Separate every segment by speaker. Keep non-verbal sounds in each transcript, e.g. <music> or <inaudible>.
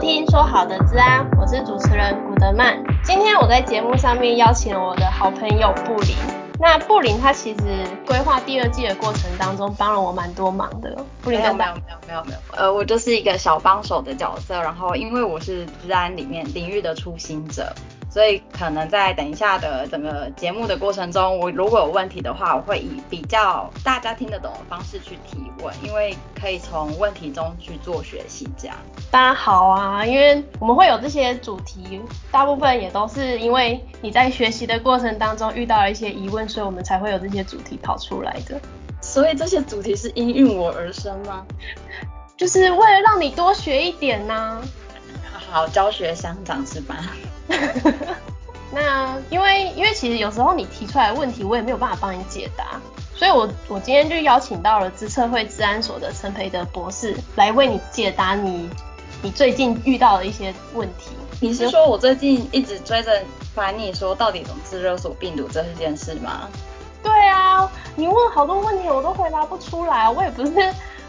Speaker 1: 聽說好的資安，我是主持人古德曼。今天我在節目上面邀請了我的好朋友布林。那布林他其實規劃第二季的過程當中幫了我蠻多忙的。布林，沒有沒有沒有沒有，呃，我
Speaker 2: 就是一個小幫手的角色。然後因為我是資安裡面領域的初心者。所以可能在等一下的整個節目的過程中，我如果有問題的話，我會以比較大家聽得懂的方式去提問，因為可以從問題中去做學習，這樣。
Speaker 1: 當然好啊，因為我們會有這些主題，大部分也都是因為你在學習的過程當中遇到了一些疑問，所以我們才會有這些主題跑出來的。所以這些主題是因應我而生嗎？就是為了讓你多學一點呢、啊。
Speaker 2: 好，教學相長是吧？
Speaker 1: <laughs> 那因為因為其實有時候你提出來的問題，我也沒有辦法幫你解答，所以我我今天就邀請到了資策會資安所的陳培德博士來為你解答你你最近遇到的一些問題。你是說我最近一直
Speaker 2: 追着煩你說到底怎麼治勒索病毒這件事嗎？
Speaker 1: 對啊，你問好多問題我都回答不出來，我也不是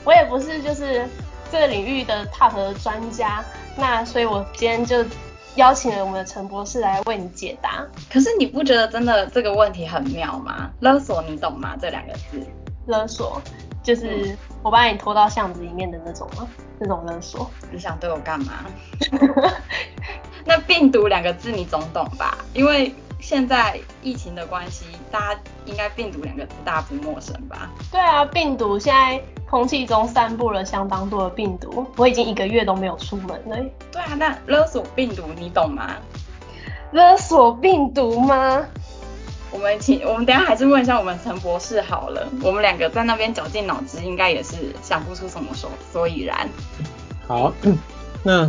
Speaker 1: 我也不是就是這個領域的 top 的專家，那所以我今天就。邀請了我們的陳博士來為你解答。可是你不覺得真的這個問題很妙嗎？勒索你懂嗎？這兩個字，勒索就是我把你拖到巷子裡面的那種嗎？那種勒索，你想對我幹嘛？ <laughs> <laughs> 那病毒兩個字你
Speaker 2: 總懂吧？因為現在疫情的關係，大家應該病毒兩個字大家
Speaker 1: 不陌生吧？對啊，病毒現在。空氣中散布了相當多的病毒，我已經一個月都沒有出門了。對啊，那勒索病毒你懂嗎？勒索病毒嗎？我們請，我們等下還是問一下我們陳博士
Speaker 2: 好了。我們兩個在那邊絞盡腦汁，應該也是想不出什麼所所以然。
Speaker 3: 好，那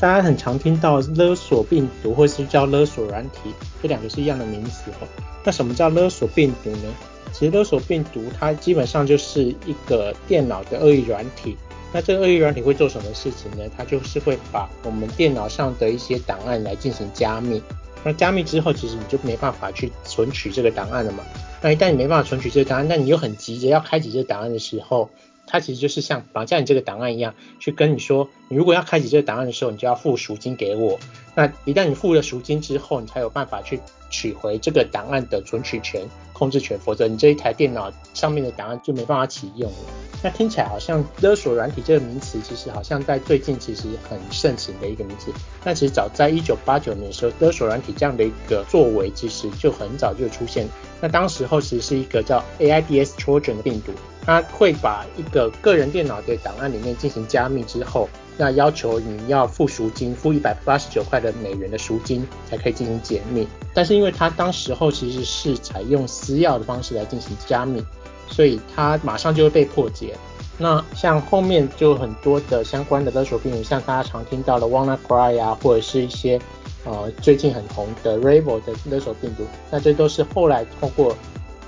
Speaker 3: 大家很常聽到勒索病毒，或是叫勒索軟體，這兩個是一樣的名詞哦。那什麼叫勒索病毒呢？其實勒索病毒，它基本上就是一個電腦的惡意軟體。那這個惡意軟體會做什麼事情呢？它就是會把我們電腦上的一些檔案來進行加密。那加密之後，其實你就沒辦法去存取這個檔案了嘛。那一旦你沒辦法存取這個檔案，但你又很急著要開啟這個檔案的時候。它其實就是像綁架你這個檔案一樣，去跟你說，你如果要開啟這個檔案的時候，你就要付贖金給我。那一旦你付了贖金之後，你才有辦法去取回這個檔案的存取權、控制權，否則你這一台電腦上面的檔案就沒辦法啟用了。那聽起來好像勒索軟體這個名詞，其實好像在最近其實很盛行的一個名詞。那其實早在一九八九年的時候，勒索軟體這樣的一個作為其實就很早就出現。那當時候其實是一個叫 AIDS Trojan 的病毒。他會把一個個人電腦的檔案裡面進行加密之後，那要求你要付贖金，付一百八十九塊的美元的贖金才可以進行解密。但是因為它當時候其實是採用私鑰的方式來進行加密，所以它馬上就會被破解。那像後面就很多的相關的勒索病毒，像大家常聽到的 WannaCry 啊，或者是一些呃最近很紅的 REvil 的勒索病毒，那這都是後來通過。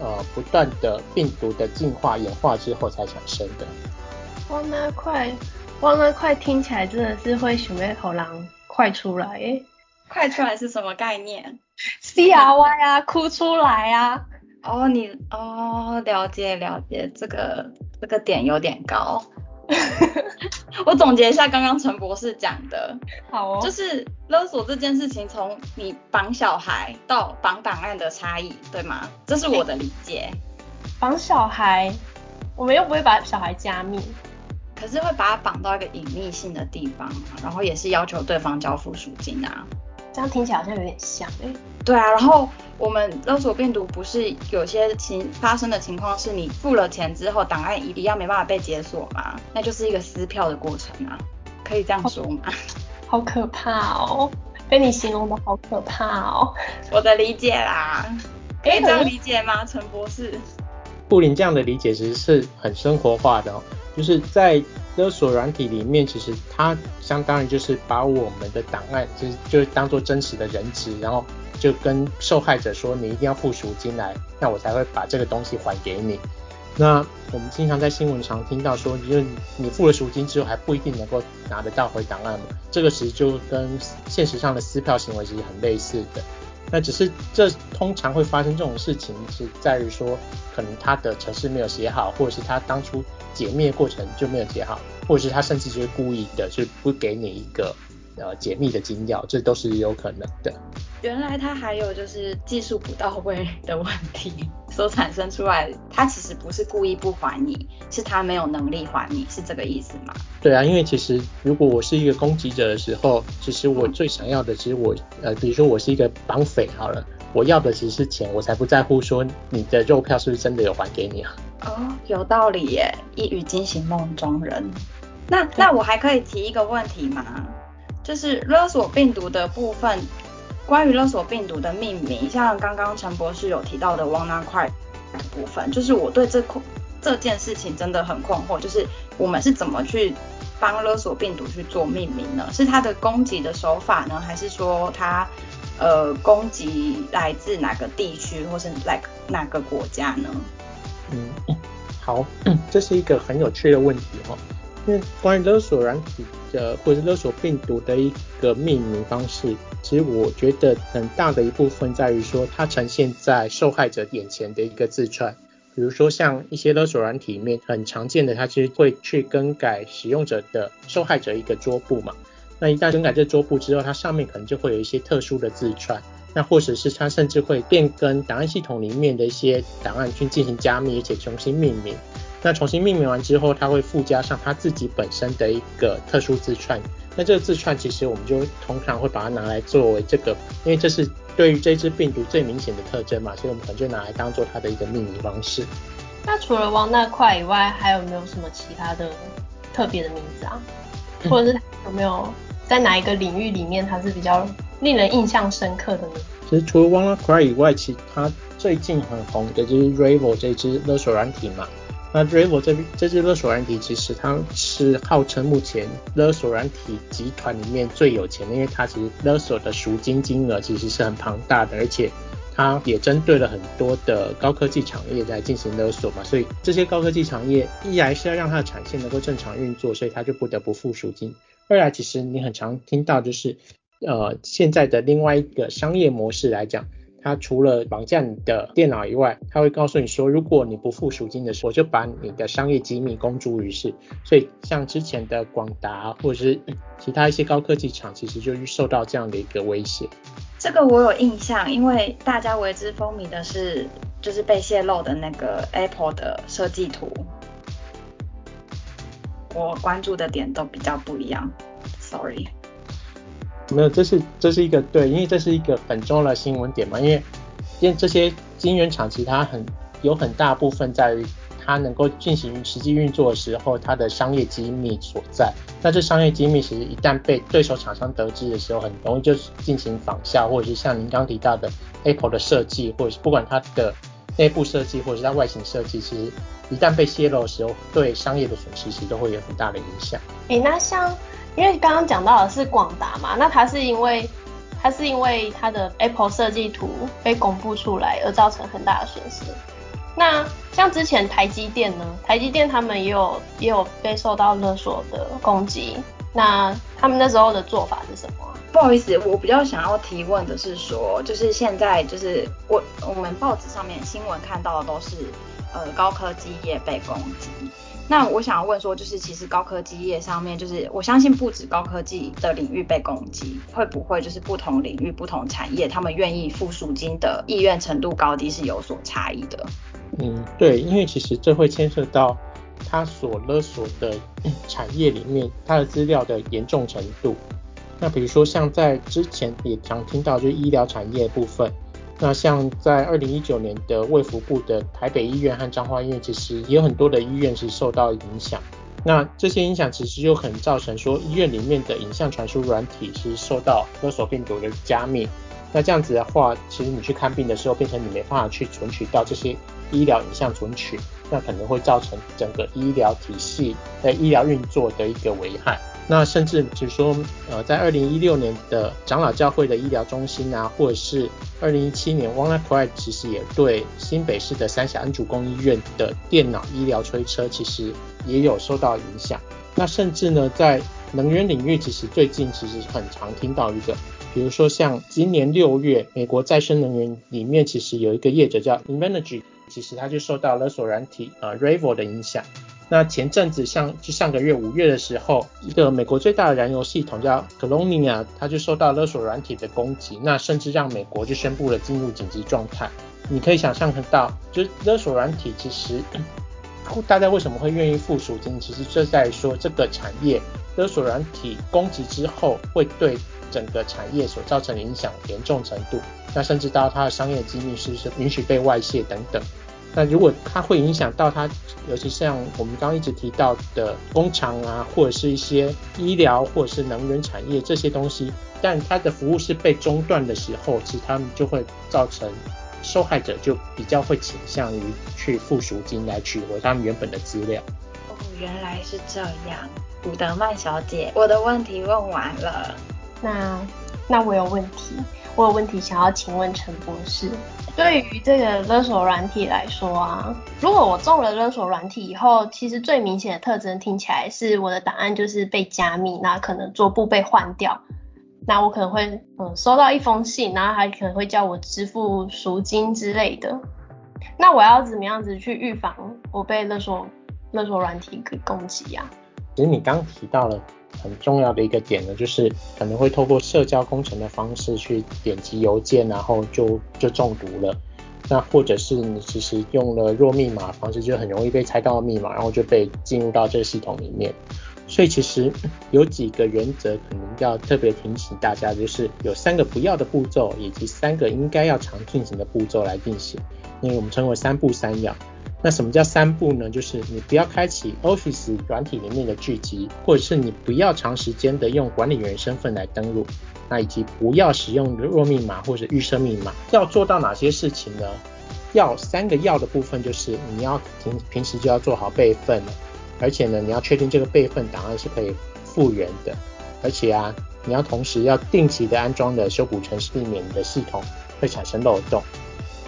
Speaker 3: 呃，不斷的病毒的進化演化，之後才產生的。
Speaker 1: WannaCry，WannaCry，聽起來真的是會熊在喉嚨。快出來，快出來是什
Speaker 2: 麼概念
Speaker 1: <laughs> ？Cry 啊，哭出來啊！哦、oh，你哦，
Speaker 2: 了解了解，這個這個點有點高。 <laughs> 我總結一下剛剛陳博士講的，好哦，就是勒索這件事情從你綁小孩到綁檔案的差異，對嗎？這是我的理解。
Speaker 1: 綁小孩，我們又不會把小孩加密，可是會把他綁到一個
Speaker 2: 隱祕性的地方，然後也是要求對方交付贖金啊。
Speaker 1: 這樣聽起來好像
Speaker 2: 有點像哎。對啊，然後我們勒索病毒不是有些情發生的情況是，你付了錢之後，檔案一定要沒辦法被解鎖嗎？那就是一個撕票的過
Speaker 1: 程啊，可以這樣說嗎？好，好可怕哦，被你形容的好可怕哦，我的理解啦，可以這樣理
Speaker 2: 解嗎，陳、欸、博士？
Speaker 3: 布林這樣的理解其實是很生活化的哦，就是在。勒索軟體裡面，其實它相當於就是把我們的檔案，就是就當作真實的人質，然後就跟受害者說，你一定要付贖金來，那我才會把這個東西還給你。那我們經常在新聞常聽到說，就是你付了贖金之後，還不一定能夠拿得到回檔案嘛。這個其實就跟現實上的撕票行為其實很類似的。那只是這，這通常會發生這種事情，是在於說，可能他的程式沒有寫好，或者是他當初解密過程就沒有寫好，或者是他甚至就是故意的，就不給你一個呃解密的金鑰，這都是有可能的。
Speaker 2: 原來他還有就是技術不到位的問題。都產生出來，他其實不是故意不還你，是他沒有能力還你，是這個意思嗎？
Speaker 3: 對啊，因為其實如果我是一個攻擊者的時候，其實我最想要的是，其實我呃，比如說我是一個綁匪好了，我要的其實是錢，我才不在乎說你的肉票是不是真的有還給你啊？
Speaker 2: 哦，有道理耶，一語驚醒夢中人。那那我還可以提一個問題嗎？就是勒索病毒的部分。關於勒索病毒的命名，像剛剛陳博士有提到的 “WannaCry” 部分，就是我對這這件事情真的很困惑，就是我們是怎麼去幫勒索病毒去做命名呢？是它的攻擊的手法呢，還是說它呃攻擊來自哪個地區或是來自哪個國家呢？嗯，
Speaker 3: 好，這是一個很有趣的問題哦。關於勒索軟體的或者勒索病毒的一個命名方式，其實我覺得很大的一部分在於說它呈現在受害者眼前的一個字串。比如說像一些勒索軟體裡面很常見的，它其實會去更改使用者的受害者一個桌布嘛。那一旦更改這個桌布之後，它上面可能就會有一些特殊的字串。那或者是它甚至會變更檔案系統裡面的一些檔案去進行加密，而且重新命名。那重新命名完之後，它會附加上它自己本身的一個特殊字串。那這個字串其實我們就通常會把它拿來作為這個，因為這是對於這隻病毒最明顯的特徵嘛，所以我們可能就拿來當做它的一個命名方式。
Speaker 1: 那除了 WannaCry 以外，還有沒有什麼其他的特別的名字啊？或者是有沒有在哪一個領域裡面它是比較？令人印象深刻
Speaker 3: 的呢，其實除了 Wanna Cry 以外，其他最近很紅的就是 REvil 這支勒索軟體嘛。那 REvil 這，這支這支勒索軟體，其實它是號稱目前勒索軟體集團裡面最有錢的，因為它其實勒索的贖金金額其實是很龐大的，而且它也針對了很多的高科技產業在進行勒索嘛。所以這些高科技產業，一來是要讓它的產線能夠正常運作，所以它就不得不付贖金；二來，其實你很常聽到就是。呃，現在的另外一個商業模式來講，它除了綁架你的電腦以外，它會告訴你說，如果你不付贖金的時候，我就把你的商業機密公諸於世。所以，像之前的廣達或者是其他一些高科技廠，其實就是受到這樣的一個威脅。這個
Speaker 2: 我有印象，因為大家為之風靡的是，就是被洩露的那個 Apple 的設計圖。我關注的點都比
Speaker 3: 較不一樣，Sorry。沒有，這是這是一個對，因為這是一個很重要的新聞點嘛，因為因為這些晶圓廠其實它很有很大部分在於它能夠進行實際運作的時候，它的商業機密所在。那這商業機密其實一旦被對手廠商得知的時候，很容易就進行仿效，或者是像您剛提到的 Apple 的設計，或者是不管它的內部設計或者是它外形設計，其實一旦被洩露的時候，對商業的損失其實都會有很大的影響。
Speaker 1: 誒，那像因為剛剛講到的是廣達嘛，那它是因為，它是因為它的 Apple 設計圖被公布出來而造成很大的損失。那像之前台積電呢，台積電他們也有也有被受到勒索的攻擊，那他們那時候的做法是什麼？
Speaker 2: 不好意思，我比較想要提問的是說，就是現在就是我我們報紙上面新聞看到的都是呃高科技業被攻擊。那我想要問說，就是其實高科技業上面，就是我相信不止高科技的領域被攻擊，會不會就是不同領域、不同產業，他們願意付贖金的意願程度高低是有所差異的？嗯，
Speaker 3: 對，因為其實這會牽涉到他所勒索的產業裡面，他的資料的嚴重程度。那比如說像在之前也常聽到，就是醫療產業部分。那像在二零一九年的衛福部的台北醫院和彰化醫院，其實也有很多的醫院是受到影響。那這些影響其實有可能造成說醫院裡面的影像傳輸軟體是受到勒索病毒的加密。那這樣子的話，其實你去看病的時候，變成你沒辦法去存取到這些醫療影像存取，那可能會造成整個醫療體系在醫療運作的一個危害。那甚至就是說，呃，在二零一六年的長老教會的醫療中心啊，或者是二零一七年 WannaCry，其實也對新北市的三峽恩主公醫院的電腦醫療推車其實也有受到影響。那甚至呢，在能源領域，其實最近其實很常聽到一個，比如說像今年六月，美國再生能源裡面其實有一個業者叫 Invenergy，其實它就受到勒索軟體呃 REvil 的影響。那前陣子，像就上個月五月的時候，一個美國最大的燃油系統叫 Colonia，它就受到勒索軟體的攻擊，那甚至讓美國就宣佈了進入緊急狀態。你可以想象得到，就是勒索軟體其實大家為什麼會願意付贖金，其實就在說這個產業勒索軟體攻擊之後會對整個產業所造成影響嚴重程度，那甚至到它的商業機密是不是允許被外洩等等。那如果它會影響到它。尤其像我們剛剛一直提到的工廠啊，或者是一些醫療或者是能源產業這些東西，但它的服務是被中斷的時候，其實他們就會造成受害者就比較會傾向於去付贖金來取回他們原本的資料。
Speaker 2: 哦，原來是這樣，伍德曼小姐，我的問題問完
Speaker 1: 了，那那我有問題。我有問題想要請問陳博士，對於這個勒索軟體來說啊，如果我中了勒索軟體以後，其實最明顯的特徵聽起來是我的檔案就是被加密，那可能桌布被換掉，那我可能會嗯收到一封信，然後還可能會叫我支付贖金之類的。那我要怎麼樣子去預防我被勒索勒索軟體給攻擊啊？
Speaker 3: 其實你剛提到了。很重要的一個點呢，就是可能會透過社交工程的方式去點擊郵件，然後就就中毒了。那或者是你其實用了弱密碼的方式，就很容易被猜到密碼，然後就被進入到這個系統裡面。所以其實有幾個原則可能要特別提醒大家，就是有三個不要的步驟，以及三個應該要常進行的步驟來進行。因為我們稱為三不三要。那什麼叫三不呢？就是你不要開啟 Office 軟體裡面的巨集，或者是你不要長時間的用管理員身份來登錄，那以及不要使用弱密碼或者預設密碼。要做到哪些事情呢？要三個要的部分就是你要平平時就要做好備份，而且呢你要確定這個備份檔案是可以復原的，而且啊你要同時要定期的安裝的修補程式裡面，避免你的系統會產生漏洞。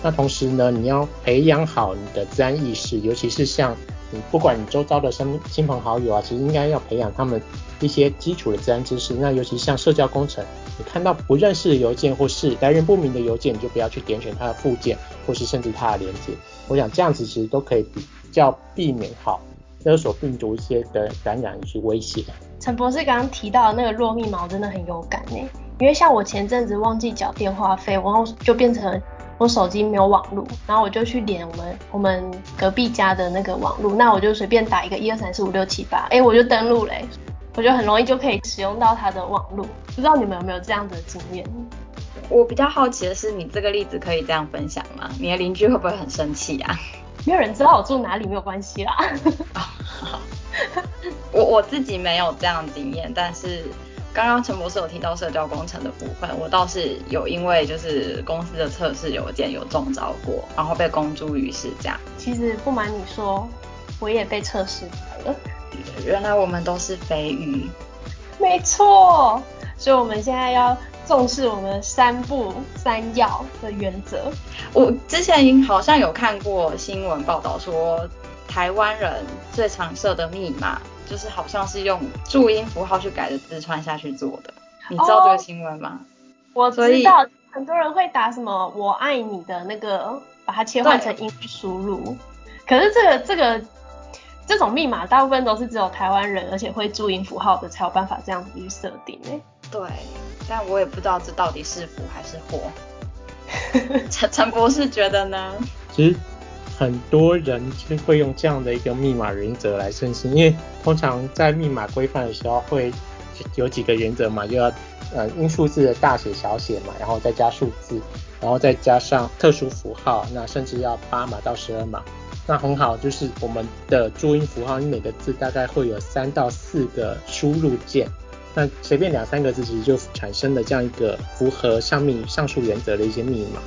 Speaker 3: 那同時呢，你要培養好你的資安意識，尤其是像你，不管你周遭的生親朋好友啊，其實應該要培養他們一些基礎的資安知識。那尤其像社交工程，你看到不認識的郵件或是來源不明的郵件，你就不要去點選它的附件或是甚至它的連結。我想這樣子其實都可以比較避免好勒索病毒一些的感染、染以及威脅。陳博
Speaker 1: 士剛剛提到那個弱密碼真的很有感哎，因為像我前陣子忘記繳電話費，然後就變成我手機沒有網路，然後我就去連我們我們隔壁家的那個網路，那我就隨便打一個一二三四五六七八，哎，我就登錄嘞、欸，我覺得很容易就可以使用到他的網路，不知道你們有沒有這樣的經驗？我比較好
Speaker 2: 奇的是，你這個例子可以這樣分享嗎？你的鄰居會不會很生氣啊？沒有人知道我住哪裡，沒有關係啦。 <laughs> 哦、好好 <laughs> 我我自己沒有這樣的經驗，但是。剛剛陳博士有提到社交工程的部分，我倒是有因為就是公司的測試郵件有中招過，然後被公諸於世這樣。
Speaker 1: 其實不瞞你說，我也被測試過了。
Speaker 2: 原來我們都是肥魚。
Speaker 1: 沒錯，所以我們現在要重視我們三不三
Speaker 2: 要的原則。我之前好像有看過新聞報道說，台灣人最常設的密碼，就是好像是用注音符號去改的字串、嗯、下去做的，你知道這個新聞嗎？oh，
Speaker 1: 我知道，很多人會打什麼我愛你的那個，把它切換成音輸入，可是這個這個這種密碼大部分都是只有台灣人，而且會注音符號的才有辦法這樣子去設定誒。
Speaker 2: 對，但我也不知道這到底是福還是禍。陳 <laughs> 陳博士覺得呢？
Speaker 3: 很多人就會用這樣的一個密碼原則來申請，因為通常在密碼規範的時候會有幾個原則嘛，就要呃英文字的大寫小寫嘛，然後再加數字，然後再加上特殊符號，那甚至要八碼到十二碼。那很好，就是我們的注音符號，你每個字大概會有三到四個輸入鍵，那隨便兩三個字其實就產生了這樣一個符合上面上述原則的一些密碼。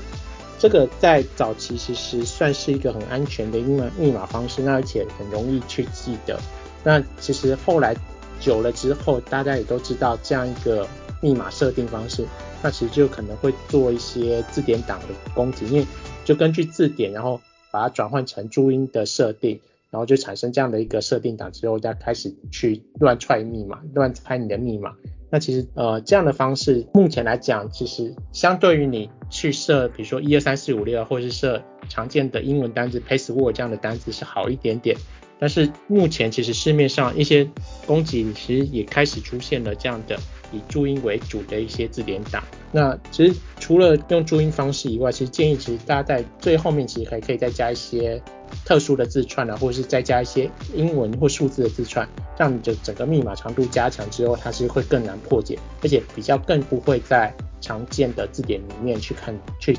Speaker 3: 這個在早期其實算是一個很安全的英文密碼方式，那而且很容易去記得。那其實後來久了之後，大家也都知道這樣一個密碼設定方式，那其實就可能會做一些字典檔的攻擊，因為就根據字典，然後把它轉換成注音的設定，然後就產生這樣的一個設定檔之後，再開始去亂踹密碼、亂猜你的密碼。那其實，呃，這樣的方式目前來講，其實相對於你去設，比如說一二三四五六，或者是設常見的英文單詞 password 這樣的單詞是好一點點。但是目前其實市面上一些供給其實也開始出現了這樣的以注音為主的一些字典檔。那其實除了用注音方式以外，其實建議其實大家在最後面其實還可以再加一些特殊的字串啊，或者是再加一些英文或數字的字串。這樣你就整個密碼長度加強之後，它是會更難破解，而且比較更不會在常見的字典裡面去看去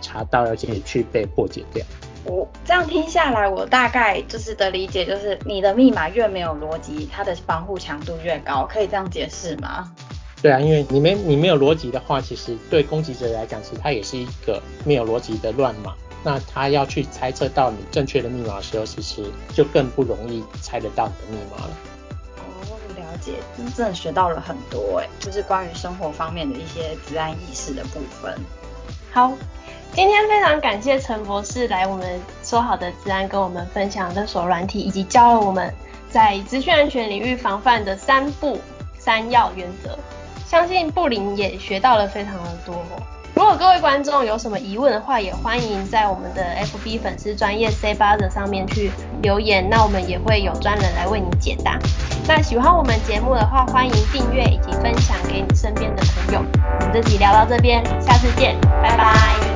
Speaker 3: 查到，而且也去被破解掉。
Speaker 2: 我這樣聽下來，我大概就是的理解就是，你的密碼越沒有邏輯，它的防護強度越高，可以這樣解釋嗎？
Speaker 3: 對啊，因為你沒你沒有邏輯的話，其實對攻擊者來講，其實它也是一個沒有邏輯的亂碼，那他要去猜測到你正確的密碼的時候，其實就更不容易猜得到你的密碼了。
Speaker 2: 這真的學到了很多、欸、就是關於生活方面的一些資安意識的部分。
Speaker 1: 好，今天非常感謝陳博士來我們說好的資安跟我們分享這所軟體，以及教了我們在資訊安全領域防範的三不三要原則。相信布林也學到了非常的多、哦。如果各位觀眾有什麼疑問的話，也歡迎在我們的 FB 粉絲專頁 SecBuzzers 上面去留言，那我們也會有專人來為你解答。那喜歡我們節目的話，歡迎訂閱以及分享給你身邊的朋友。我們這期聊到這邊，下次見，拜拜。